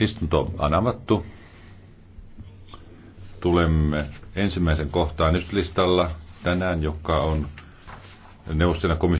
Istunto on avattu. Tulemme ensimmäisen kohtaan nyt listalla tänään, joka on neuvostena komission